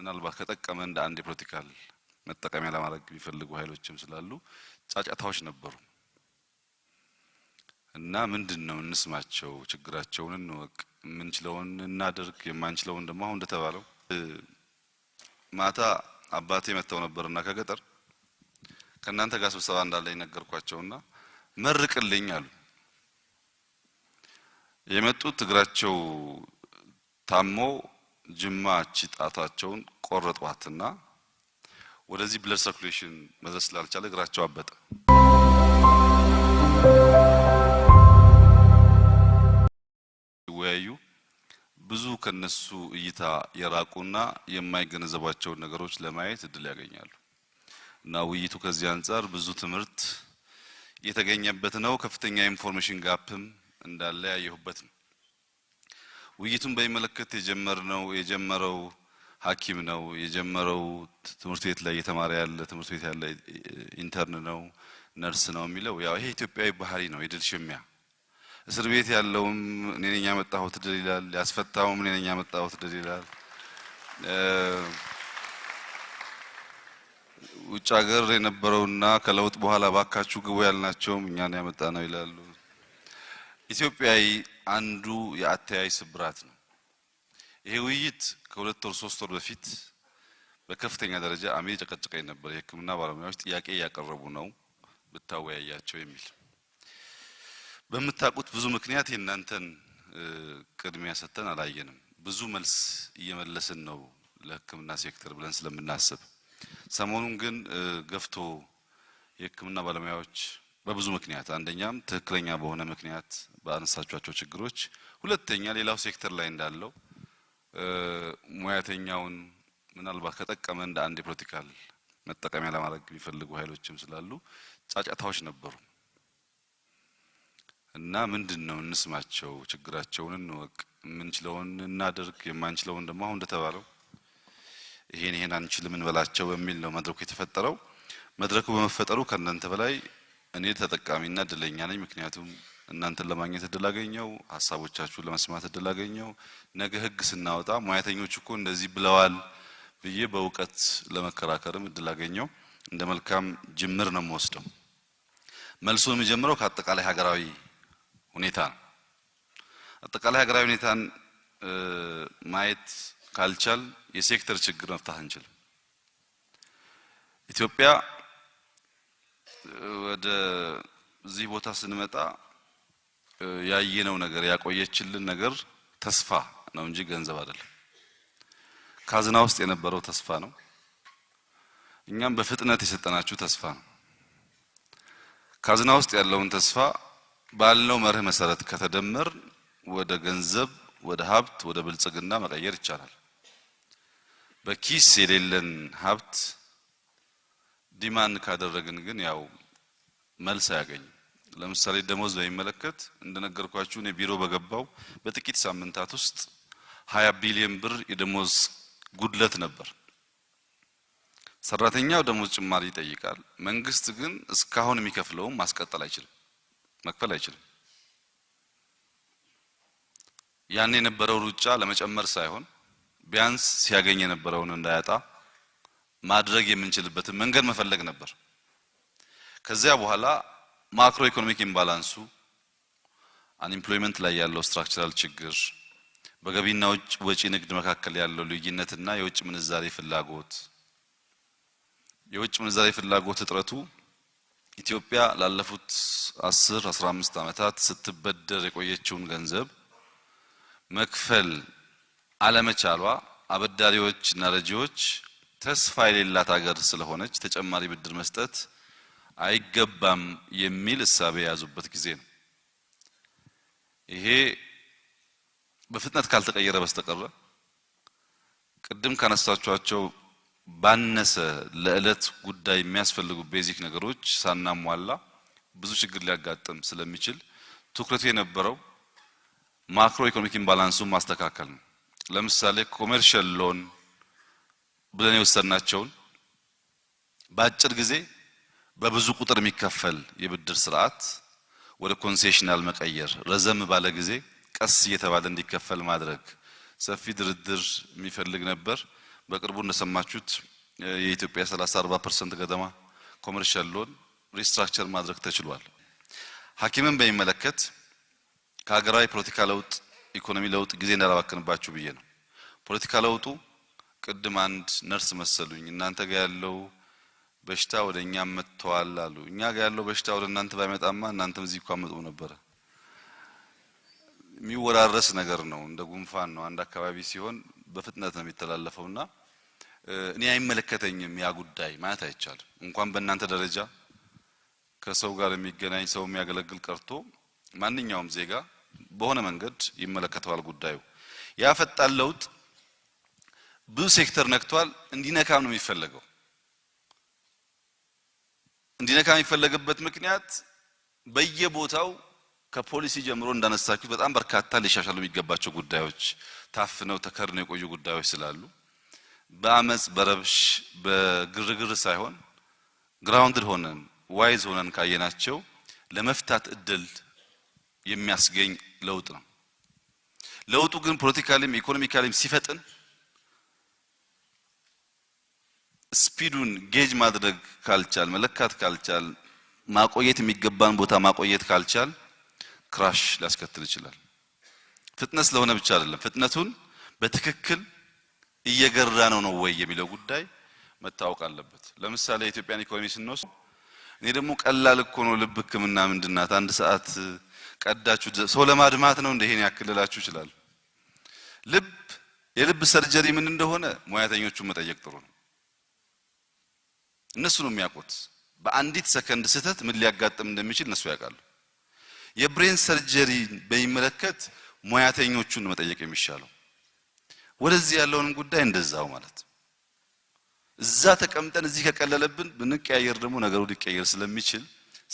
ምናልባት ከጠቀመ እንደ አንድ የፖለቲካል መጠቀሚያ ለማድረግ የሚፈልጉ ኃይሎችም ስላሉ ጫጫታዎች ነበሩ እና ምንድን ነው እንስማቸው፣ ችግራቸውን እንወቅ፣ የምንችለውን እናድርግ፣ የማንችለውን ደግሞ አሁን እንደተባለው ማታ አባቴ መጥተው ነበርና ከገጠር ከእናንተ ጋር ስብሰባ እንዳለኝ ነገርኳቸውና መርቅልኝ አሉ። የመጡት እግራቸው ታሞ ጅማ ጣታቸውን ቆረጧትና ወደዚህ ብለድ ሰርኩሌሽን መድረስ ስላልቻለ እግራቸው አበጠ። ወያዩ ብዙ ከነሱ እይታ የራቁና የማይገነዘባቸውን ነገሮች ለማየት እድል ያገኛሉ እና ውይይቱ ከዚህ አንጻር ብዙ ትምህርት የተገኘበት ነው። ከፍተኛ ኢንፎርሜሽን ጋፕም እንዳለ ያየሁበት ነው። ውይይቱን በሚመለከት የጀመርነው የጀመረው ሐኪም ነው የጀመረው ትምህርት ቤት ላይ እየተማረ ያለ ትምህርት ቤት ያለ ኢንተርን ነው ነርስ ነው የሚለው ያው ይሄ ኢትዮጵያዊ ባህሪ ነው። የድል ሽሚያ እስር ቤት ያለውም እኔ ነኝ ያመጣሁት ድል ይላል። ያስፈታውም እኔ ነኝ ያመጣሁት ድል ይላል። ውጭ ሀገር የነበረውና ከለውጥ በኋላ ባካችሁ ግቡ ያልናቸውም እኛን ያመጣ ነው ይላሉ። ኢትዮጵያዊ አንዱ የአተያይ ስብራት ነው። ይሄ ውይይት ከሁለት ወር ሶስት ወር በፊት በከፍተኛ ደረጃ አሜ ጨቀጨቀኝ ነበር። የሕክምና ባለሙያዎች ጥያቄ እያቀረቡ ነው ብታወያያቸው የሚል በምታውቁት ብዙ ምክንያት የእናንተን ቅድሚያ ሰጥተን አላየንም። ብዙ መልስ እየመለስን ነው ለሕክምና ሴክተር ብለን ስለምናስብ ሰሞኑን ግን ገፍቶ የሕክምና ባለሙያዎች በብዙ ምክንያት አንደኛም ትክክለኛ በሆነ ምክንያት በአነሳቿቸው ችግሮች፣ ሁለተኛ ሌላው ሴክተር ላይ እንዳለው ሙያተኛውን ምናልባት ከጠቀመ እንደ አንድ የፖለቲካል መጠቀሚያ ለማድረግ የሚፈልጉ ኃይሎችም ስላሉ ጫጫታዎች ነበሩ እና ምንድን ነው እንስማቸው፣ ችግራቸውን እንወቅ፣ የምንችለውን እናደርግ የማንችለውን ደግሞ አሁን እንደተባለው ይሄን ይሄን አንችልም እንበላቸው በሚል ነው መድረኩ የተፈጠረው። መድረኩ በመፈጠሩ ከእናንተ በላይ እኔ ተጠቃሚና እድለኛ ነኝ። ምክንያቱም እናንተን ለማግኘት እድል አገኘው፣ ሀሳቦቻችሁን ለመስማት እድል አገኘው። ነገ ህግ ስናወጣ ሙያተኞች እኮ እንደዚህ ብለዋል ብዬ በእውቀት ለመከራከርም እድል አገኘው። እንደ መልካም ጅምር ነው የምወስደው። መልሶ የሚጀምረው ከአጠቃላይ ሀገራዊ ሁኔታ ነው። አጠቃላይ ሀገራዊ ሁኔታን ማየት ካልቻል የሴክተር ችግር መፍታት አንችልም። ኢትዮጵያ ወደዚህ ቦታ ስንመጣ ያየነው ነገር ያቆየችልን ነገር ተስፋ ነው እንጂ ገንዘብ አይደለም። ካዝና ውስጥ የነበረው ተስፋ ነው። እኛም በፍጥነት የሰጠናችሁ ተስፋ ነው። ካዝና ውስጥ ያለውን ተስፋ ባለው መርህ መሰረት ከተደመር ወደ ገንዘብ፣ ወደ ሀብት፣ ወደ ብልጽግና መቀየር ይቻላል። በኪስ የሌለን ሀብት ዲማንድ ካደረግን ግን ያው መልስ አያገኝም። ለምሳሌ ደሞዝ በሚመለከት እንደነገርኳችሁ እኔ ቢሮ በገባው በጥቂት ሳምንታት ውስጥ 20 ቢሊዮን ብር የደሞዝ ጉድለት ነበር። ሰራተኛው ደሞዝ ጭማሪ ይጠይቃል። መንግስት ግን እስካሁን የሚከፍለውም ማስቀጠል አይችልም፣ መክፈል አይችልም። ያን የነበረው ሩጫ ለመጨመር ሳይሆን ቢያንስ ሲያገኝ የነበረውን እንዳያጣ ማድረግ የምንችልበትን መንገድ መፈለግ ነበር። ከዚያ በኋላ ማክሮ ኢኮኖሚክ ኢምባላንሱ አንኢምፕሎይመንት ላይ ያለው ስትራክቸራል ችግር በገቢና ወጪ ንግድ መካከል ያለው ልዩነትና የውጭ ምንዛሬ ፍላጎት የውጭ ምንዛሬ ፍላጎት እጥረቱ ኢትዮጵያ ላለፉት 10 15 ዓመታት ስትበደር የቆየችውን ገንዘብ መክፈል አለመቻሏ አበዳሪዎችና ረጂዎች ተስፋ የሌላት ሀገር ስለሆነች ተጨማሪ ብድር መስጠት አይገባም የሚል እሳቤ የያዙበት ጊዜ ነው። ይሄ በፍጥነት ካልተቀየረ በስተቀረ ቅድም ካነሳችኋቸው ባነሰ ለዕለት ጉዳይ የሚያስፈልጉ ቤዚክ ነገሮች ሳናሟላ ብዙ ችግር ሊያጋጥም ስለሚችል ትኩረቱ የነበረው ማክሮ ኢኮኖሚክ ኢምባላንሱን ማስተካከል ነው። ለምሳሌ ኮሜርሻል ሎን ብለን የወሰድናቸውን በአጭር ጊዜ በብዙ ቁጥር የሚከፈል የብድር ስርዓት ወደ ኮንሴሽናል መቀየር፣ ረዘም ባለ ጊዜ ቀስ እየተባለ እንዲከፈል ማድረግ ሰፊ ድርድር የሚፈልግ ነበር። በቅርቡ እንደሰማችሁት የኢትዮጵያ 30 40 ፐርሰንት ገደማ ኮመርሻል ሎን ሪስትራክቸር ማድረግ ተችሏል። ሐኪምን በሚመለከት ከሀገራዊ ፖለቲካ ለውጥ ኢኮኖሚ ለውጥ ጊዜ እንዳላባክንባችሁ ብዬ ነው። ፖለቲካ ለውጡ ቅድም አንድ ነርስ መሰሉኝ እናንተ ጋር ያለው በሽታ ወደ እኛ መጥተዋል አሉ። እኛ ጋር ያለው በሽታ ወደ እናንተ ባይመጣማ እናንተም እዚህ እኮ አመጡ ነበረ። የሚወራረስ ነገር ነው፣ እንደ ጉንፋን ነው። አንድ አካባቢ ሲሆን በፍጥነት ነው የሚተላለፈውና እኔ አይመለከተኝም ያ ጉዳይ ማለት አይቻልም። እንኳን በእናንተ ደረጃ ከሰው ጋር የሚገናኝ ሰው የሚያገለግል ቀርቶ ማንኛውም ዜጋ በሆነ መንገድ ይመለከተዋል ጉዳዩ። ያፈጣን ለውጥ ብዙ ሴክተር ነክቷል። እንዲነካም ነው የሚፈለገው። እንዲነካ የሚፈለግበት ምክንያት በየቦታው ከፖሊሲ ጀምሮ እንዳነሳችሁት በጣም በርካታ ሊሻሻሉ የሚገባቸው ጉዳዮች ታፍነው ተከርነው የቆዩ ጉዳዮች ስላሉ በአመፅ በረብሽ በግርግር ሳይሆን ግራውንድድ ሆነን ዋይዝ ሆነን ካየናቸው ለመፍታት እድል የሚያስገኝ ለውጥ ነው። ለውጡ ግን ፖለቲካሊም ኢኮኖሚካሊም ሲፈጥን ስፒዱን ጌጅ ማድረግ ካልቻል፣ መለካት ካልቻል፣ ማቆየት የሚገባን ቦታ ማቆየት ካልቻል ክራሽ ሊያስከትል ይችላል። ፍጥነት ስለሆነ ብቻ አይደለም። ፍጥነቱን በትክክል እየገራ ነው ነው ወይ የሚለው ጉዳይ መታወቅ አለበት። ለምሳሌ የኢትዮጵያን ኢኮኖሚ ስንወስድ እኔ ደግሞ ቀላል እኮ ነው ልብ ሕክምና ምንድናት አንድ ሰዓት ቀዳችሁ ሰው ለማድማት ነው እንደ ያክልላችሁ ይችላል። ልብ የልብ ሰርጀሪ ምን እንደሆነ ሙያተኞቹን መጠየቅ ጥሩ ነው። እነሱ ነው የሚያውቁት። በአንዲት ሰከንድ ስህተት ምን ሊያጋጥም እንደሚችል እነሱ ያውቃሉ። የብሬን ሰርጀሪ በሚመለከት ሙያተኞቹን መጠየቅ የሚሻለው ወደዚህ ያለውንም ጉዳይ እንደዛው ማለት እዛ ተቀምጠን እዚህ ከቀለለብን ብንቀያየር ደግሞ ነገሩ ሊቀየር ስለሚችል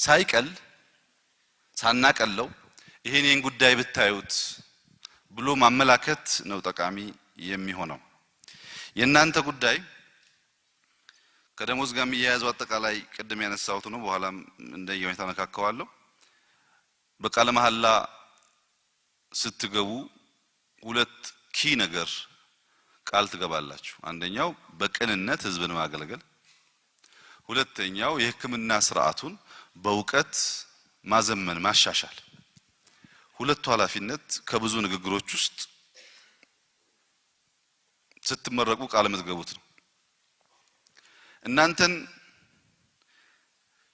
ሳይቀል ሳናቀለው ይሄን ይህን ጉዳይ ብታዩት ብሎ ማመላከት ነው ጠቃሚ የሚሆነው የእናንተ ጉዳይ ከደሞዝ ጋር የሚያያዙ አጠቃላይ ቅድም ያነሳሁት ነው። በኋላም እንደ ሁኔታ ነካከዋለሁ። በቃለ መሐላ ስትገቡ ሁለት ኪ ነገር ቃል ትገባላችሁ። አንደኛው በቅንነት ህዝብን ማገልገል፣ ሁለተኛው የህክምና ስርዓቱን በእውቀት ማዘመን ማሻሻል። ሁለቱ ኃላፊነት ከብዙ ንግግሮች ውስጥ ስትመረቁ ቃል የምትገቡት ነው። እናንተን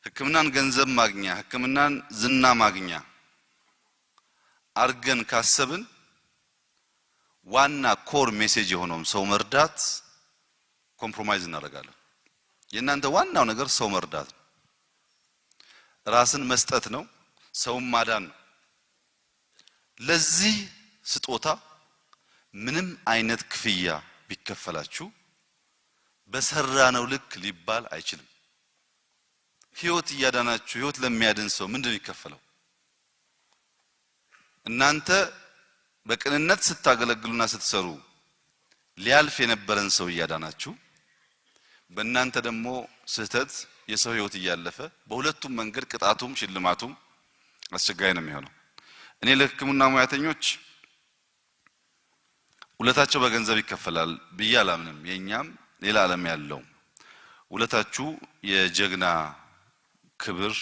ህክምናን ገንዘብ ማግኛ ህክምናን ዝና ማግኛ አርገን ካሰብን ዋና ኮር ሜሴጅ የሆነውም ሰው መርዳት ኮምፕሮማይዝ እናደርጋለን። የእናንተ ዋናው ነገር ሰው መርዳት ነው፣ ራስን መስጠት ነው፣ ሰውን ማዳን ነው። ለዚህ ስጦታ ምንም አይነት ክፍያ ቢከፈላችሁ በሰራ ነው ልክ ሊባል አይችልም። ህይወት እያዳናችሁ ህይወት ለሚያድን ሰው ምንድን ይከፈለው? እናንተ በቅንነት ስታገለግሉና ስትሰሩ ሊያልፍ የነበረን ሰው እያዳናችሁ፣ በእናንተ ደግሞ ስህተት የሰው ህይወት እያለፈ በሁለቱም መንገድ ቅጣቱም ሽልማቱም አስቸጋሪ ነው የሚሆነው። እኔ ለህክምና ሙያተኞች ሁለታቸው በገንዘብ ይከፈላል ብዬ አላምንም። የእኛም ሌላ ዓለም ያለው ውለታችሁ የጀግና ክብር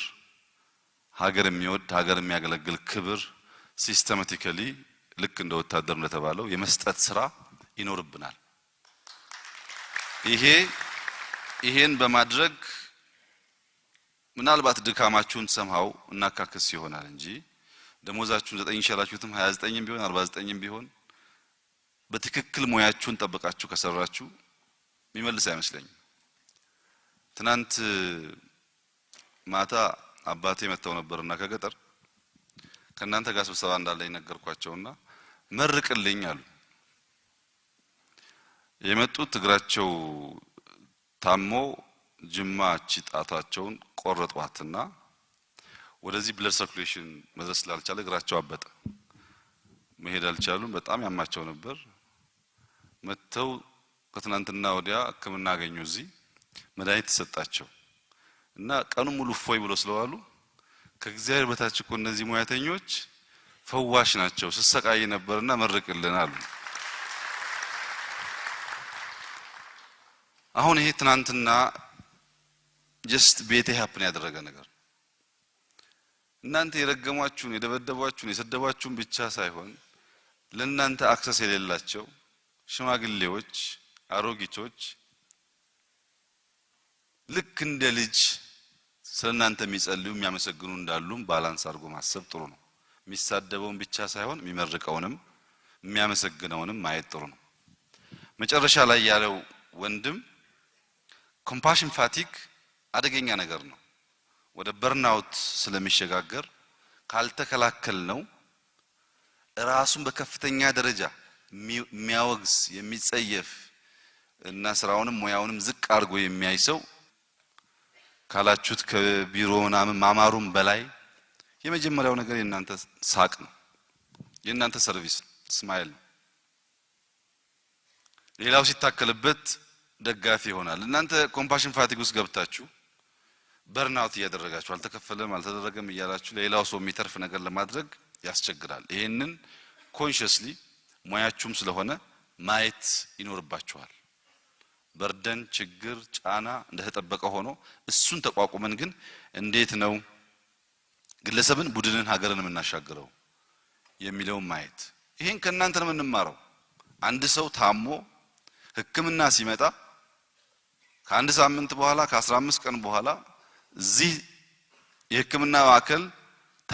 ሀገር የሚወድ ሀገር የሚያገለግል ክብር ሲስተማቲካሊ ልክ እንደ ወታደር እንደተባለው የመስጠት ስራ ይኖርብናል። ይሄ ይሄን በማድረግ ምናልባት ድካማችሁን ሰምሃው እናካክስ ይሆናል እንጂ ደሞዛችሁን ዘጠኝ ሸላችሁትም 29ም ቢሆን 49ም ቢሆን በትክክል ሙያችሁን ጠብቃችሁ ከሰራችሁ የሚመልስ አይመስለኝም። ትናንት ማታ አባቴ መጥተው ነበርና ከገጠር ከእናንተ ጋር ስብሰባ እንዳለኝ ነገርኳቸውና መርቅልኝ አሉ። የመጡት እግራቸው ታሞ ጅማ ጣታቸውን ቆረጧትና ወደዚህ ብለድ ሰርኩሌሽን መድረስ ስላልቻለ እግራቸው አበጠ። መሄድ አልቻሉም። በጣም ያማቸው ነበር። መጥተው ከትናንትና ወዲያ ሕክምና አገኙ። እዚህ መድኃኒት ተሰጣቸው እና ቀኑን ሙሉ እፎይ ብሎ ስለዋሉ ከእግዚአብሔር በታች እኮ እነዚህ ሙያተኞች ፈዋሽ ናቸው። ስሰቃይ ነበርና መርቅልን አሉ። አሁን ይሄ ትናንትና ጀስት ቤቴ ሀፕን ያደረገ ነገር እናንተ የረገሟችሁን፣ የደበደቧችሁን፣ የሰደቧችሁን ብቻ ሳይሆን ለእናንተ አክሰስ የሌላቸው ሽማግሌዎች አሮጊቶች ልክ እንደ ልጅ ስለ እናንተ የሚጸልዩ የሚያመሰግኑ እንዳሉም ባላንስ አድርጎ ማሰብ ጥሩ ነው። የሚሳደበውን ብቻ ሳይሆን የሚመርቀውንም የሚያመሰግነውንም ማየት ጥሩ ነው። መጨረሻ ላይ ያለው ወንድም ኮምፓሽን ፋቲክ አደገኛ ነገር ነው። ወደ በርናውት ስለሚሸጋገር ካልተከላከል ነው ራሱን በከፍተኛ ደረጃ የሚያወግዝ የሚጸየፍ እና ስራውንም ሙያውንም ዝቅ አድርጎ የሚያይ ሰው ካላችሁት ከቢሮ ምናምን ማማሩም በላይ የመጀመሪያው ነገር የእናንተ ሳቅ ነው፣ የእናንተ ሰርቪስ ስማይል ነው። ሌላው ሲታከልበት ደጋፊ ይሆናል። እናንተ ኮምፓሽን ፋቲግ ውስጥ ገብታችሁ በርናውት እያደረጋችሁ አልተከፈለም አልተደረገም እያላችሁ ሌላው ሰው የሚተርፍ ነገር ለማድረግ ያስቸግራል። ይሄንን ኮንሽስሊ ሙያችሁም ስለሆነ ማየት ይኖርባችኋል። በርደን፣ ችግር፣ ጫና እንደተጠበቀ ሆኖ እሱን ተቋቁመን ግን እንዴት ነው ግለሰብን፣ ቡድንን፣ ሀገርን የምናሻግረው የሚለውን ማየት ይህን ከእናንተ ነው የምንማረው። አንድ ሰው ታሞ ህክምና ሲመጣ ከአንድ ሳምንት በኋላ ከአስራ አምስት ቀን በኋላ እዚህ የህክምና ማዕከል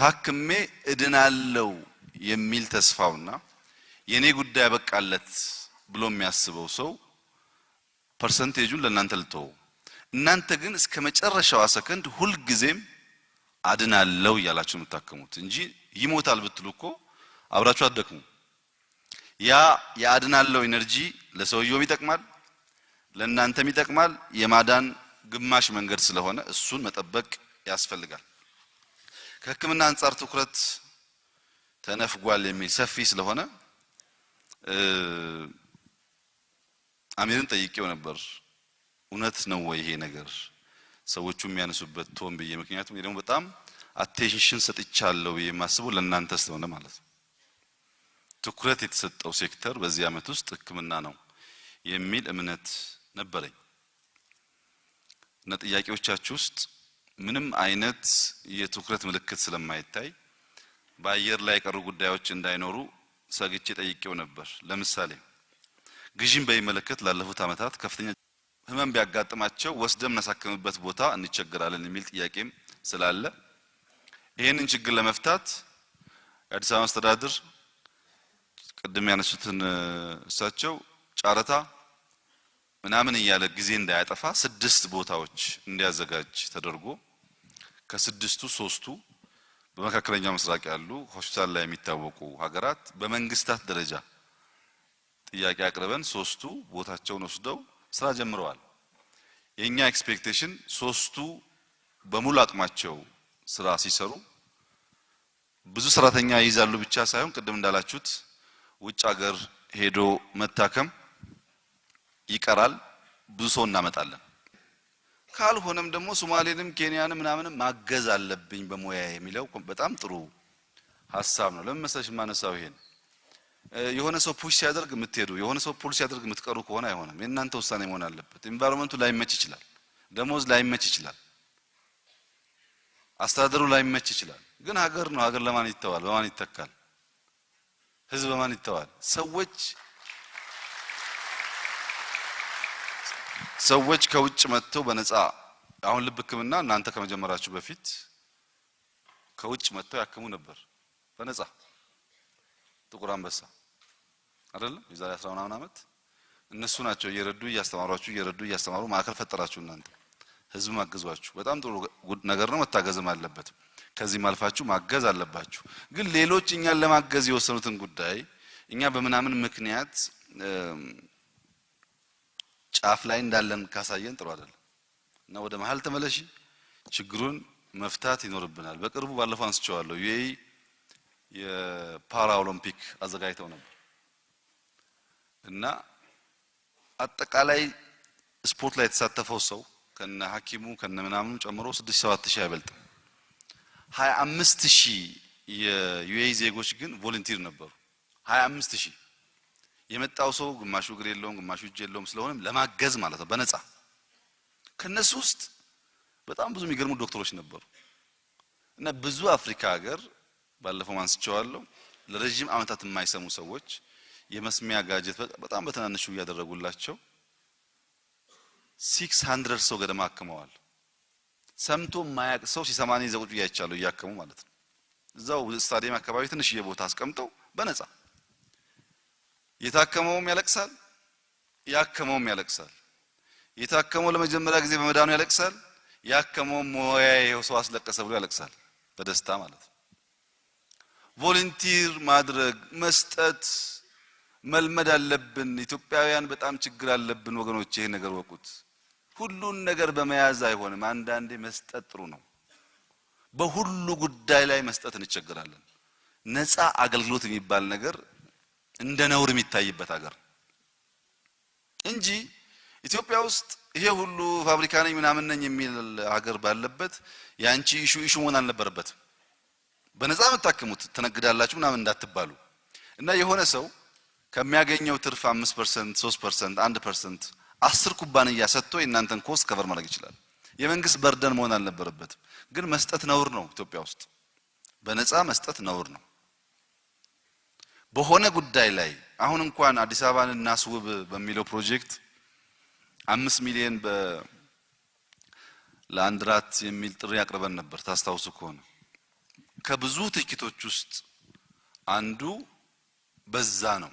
ታክሜ እድናለው የሚል ተስፋውና የእኔ ጉዳይ ያበቃለት ብሎ የሚያስበው ሰው ፐርሰንቴጁን ለእናንተ ልተው። እናንተ ግን እስከ መጨረሻዋ ሰከንድ ሁልጊዜም አድናለው እያላችሁ የምታከሙት እንጂ ይሞታል ብትሉ እኮ አብራችሁ አትደክሙ። ያ የአድናለው ኢነርጂ ለሰውየውም ይጠቅማል፣ ለእናንተም ይጠቅማል። የማዳን ግማሽ መንገድ ስለሆነ እሱን መጠበቅ ያስፈልጋል። ከህክምና አንጻር ትኩረት ተነፍጓል የሚል ሰፊ ስለሆነ አሚርን ጠይቄው ነበር። እውነት ነው ወይ ይሄ ነገር ሰዎቹ የሚያነሱበት ቶን ብዬ ምክንያቱም ደግሞ በጣም አቴንሽን ሰጥቻለሁ ብዬ የማስበው ለእናንተ ስለሆነ ማለት ነው። ትኩረት የተሰጠው ሴክተር በዚህ ዓመት ውስጥ ህክምና ነው የሚል እምነት ነበረኝ እና ጥያቄዎቻችሁ ውስጥ ምንም አይነት የትኩረት ምልክት ስለማይታይ በአየር ላይ የቀሩ ጉዳዮች እንዳይኖሩ ሰግቼ ጠይቄው ነበር። ለምሳሌ ግዥን በሚመለከት ላለፉት ዓመታት ከፍተኛ ህመም ቢያጋጥማቸው ወስደም የምናሳክምበት ቦታ እንቸገራለን የሚል ጥያቄም ስላለ ይህንን ችግር ለመፍታት የአዲስ አበባ አስተዳደር ቅድም ያነሱትን እሳቸው ጨረታ ምናምን እያለ ጊዜ እንዳያጠፋ ስድስት ቦታዎች እንዲያዘጋጅ ተደርጎ ከስድስቱ ሶስቱ በመካከለኛው ምስራቅ ያሉ ሆስፒታል ላይ የሚታወቁ ሀገራት በመንግስታት ደረጃ ጥያቄ አቅርበን ሶስቱ ቦታቸውን ወስደው ስራ ጀምረዋል። የኛ ኤክስፔክቴሽን ሶስቱ በሙሉ አቅማቸው ስራ ሲሰሩ ብዙ ሰራተኛ ይይዛሉ ብቻ ሳይሆን ቅድም እንዳላችሁት ውጭ ሀገር ሄዶ መታከም ይቀራል። ብዙ ሰው እናመጣለን። ካልሆነም ደግሞ ሶማሌንም ኬንያንም ምናምንም ማገዝ አለብኝ በሙያ የሚለው በጣም ጥሩ ሀሳብ ነው። ለምን መሰለሽ የማነሳው ይሄን የሆነ ሰው ፑሽ ሲያደርግ የምትሄዱ የሆነ ሰው ፑል ሲያደርግ የምትቀሩ ከሆነ አይሆንም። የእናንተ ውሳኔ መሆን አለበት። ኤንቫይሮንመንቱ ላይመች ይችላል፣ ደሞዝ ላይመች ይችላል፣ አስተዳደሩ ላይመች ይችላል። ግን ሀገር ነው። ሀገር ለማን ይተዋል? በማን ይተካል? ህዝብ በማን ይተዋል? ሰዎች ሰዎች ከውጭ መጥተው በነፃ አሁን ልብ ህክምና እናንተ ከመጀመራችሁ በፊት ከውጭ መጥተው ያክሙ ነበር በነፃ ጥቁር አንበሳ አይደለም የዛሬ አስራ ምናምን ዓመት እነሱ ናቸው እየረዱ እያስተማሯችሁ እየረዱ እያስተማሩ ማዕከል ፈጠራችሁ። እናንተ ህዝብ ማገዟችሁ በጣም ጥሩ ነገር ነው። መታገዝም አለበት። ከዚህ ማልፋችሁ ማገዝ አለባችሁ። ግን ሌሎች እኛን ለማገዝ የወሰኑትን ጉዳይ እኛ በምናምን ምክንያት ጫፍ ላይ እንዳለን ካሳየን ጥሩ አይደለም እና ወደ መሀል ተመለሺ ችግሩን መፍታት ይኖርብናል። በቅርቡ ባለፈው አንስቼዋለሁ። ዩኤ የፓራ ኦሎምፒክ አዘጋጅተው ነበር። እና አጠቃላይ ስፖርት ላይ የተሳተፈው ሰው ከነ ሐኪሙ ከነ ምናምኑ ጨምሮ 6700 አይበልጥም። 25000 የዩኤኢ ዜጎች ግን ቮለንቲር ነበሩ። 25000 የመጣው ሰው ግማሹ እግር የለውም፣ ግማሹ እጅ የለውም። ስለሆነም ለማገዝ ማለት ነው በነፃ ከነሱ ውስጥ በጣም ብዙ የሚገርሙ ዶክተሮች ነበሩ እና ብዙ አፍሪካ ሀገር ባለፈው አንስቼዋለሁ ለረጅም ዓመታት የማይሰሙ ሰዎች የመስሚያ ጋጀት በጣም በትናንሹ እያደረጉላቸው ሲክስ ሀንድረድ ሰው ገደማ አክመዋል። ሰምቶ የማያውቅ ሰው ሲሰማኒ ዘቁጭ እያይቻሉ እያከሙ ማለት ነው። እዛው ስታዲየም አካባቢ ትንሽዬ ቦታ አስቀምጠው በነፃ የታከመውም ያለቅሳል፣ ያከመውም ያለቅሳል። የታከመው ለመጀመሪያ ጊዜ በመዳኑ ያለቅሳል፣ ያከመውም ሞያዬ ሰው አስለቀሰ ብሎ ያለቅሳል በደስታ ማለት ነው። ቮለንቲር ማድረግ መስጠት መልመድ አለብን። ኢትዮጵያውያን በጣም ችግር አለብን ወገኖች፣ ይሄ ነገር ወቁት። ሁሉን ነገር በመያዝ አይሆንም። አንዳንዴ መስጠት ጥሩ ነው። በሁሉ ጉዳይ ላይ መስጠት እንቸገራለን። ነፃ አገልግሎት የሚባል ነገር እንደ ነውር የሚታይበት ሀገር እንጂ ኢትዮጵያ ውስጥ ይሄ ሁሉ ፋብሪካ ነኝ ምናምን ነኝ የሚል ሀገር ባለበት የአንቺ ኢሹ ኢሹ መሆን አልነበረበትም። በነፃ የምታክሙት ትነግዳላችሁ ምናምን እንዳትባሉ እና የሆነ ሰው ከሚያገኘው ትርፍ 5% 3% 1% አስር ኩባንያ ሰጥቶ የእናንተን ኮስ ከቨር ማድረግ ይችላል። የመንግስት በርደን መሆን አልነበረበትም። ግን መስጠት ነውር ነው። ኢትዮጵያ ውስጥ በነፃ መስጠት ነውር ነው። በሆነ ጉዳይ ላይ አሁን እንኳን አዲስ አበባን እናስውብ በሚለው ፕሮጀክት አምስት ሚሊዮን ለአንድ ራት የሚል ጥሪ አቅርበን ነበር። ታስታውሱ ከሆነ ከብዙ ትኪቶች ውስጥ አንዱ በዛ ነው።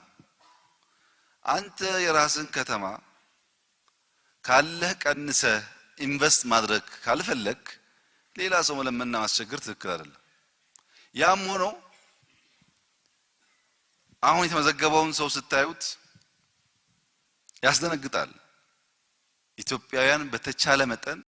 አንተ የራስን ከተማ ካለህ ቀንሰህ ኢንቨስት ማድረግ ካልፈለግ ሌላ ሰው መለመና ማስቸገር ትክክል አይደለም። ያም ሆኖ አሁን የተመዘገበውን ሰው ስታዩት ያስደነግጣል። ኢትዮጵያውያን በተቻለ መጠን